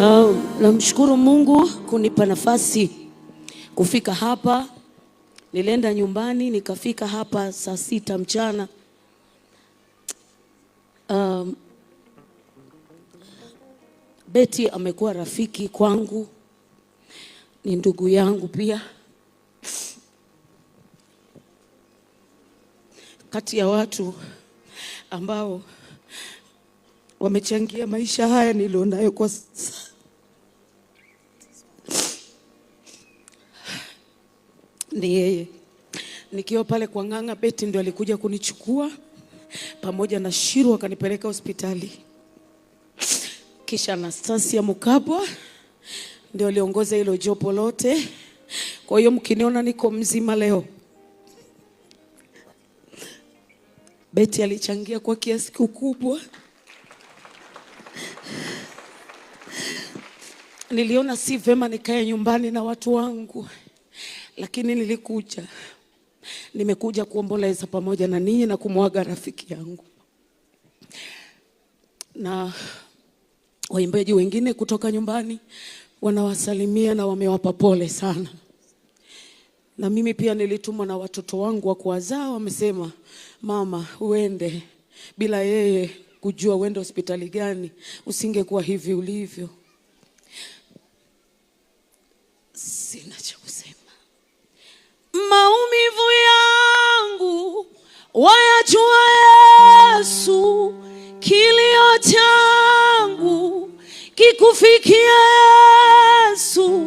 Ah, namshukuru Mungu kunipa nafasi kufika hapa. Nilienda nyumbani nikafika hapa saa sita mchana. Um, ah, beti amekuwa rafiki kwangu, ni ndugu yangu pia. Kati ya watu ambao wamechangia maisha haya nilionayo kwa sasa. Ni yeye nikiwa pale kwa Ng'ang'a, Beti ndio alikuja kunichukua pamoja na Shiru akanipeleka hospitali, kisha Anastasia Mukabwa ndio aliongoza hilo jopo lote. Kwa hiyo mkiniona niko mzima leo, Beti alichangia kwa kiasi kikubwa. Niliona si vema nikae nyumbani na watu wangu, lakini nilikuja, nimekuja kuomboleza pamoja na ninyi na kumwaga rafiki yangu na waimbaji wengine kutoka nyumbani wanawasalimia na wamewapa pole sana. Na mimi pia nilitumwa na watoto wangu wa kuwazaa, wamesema mama, uende bila yeye kujua uende hospitali gani, usingekuwa hivi ulivyo. fico, fique Jesus.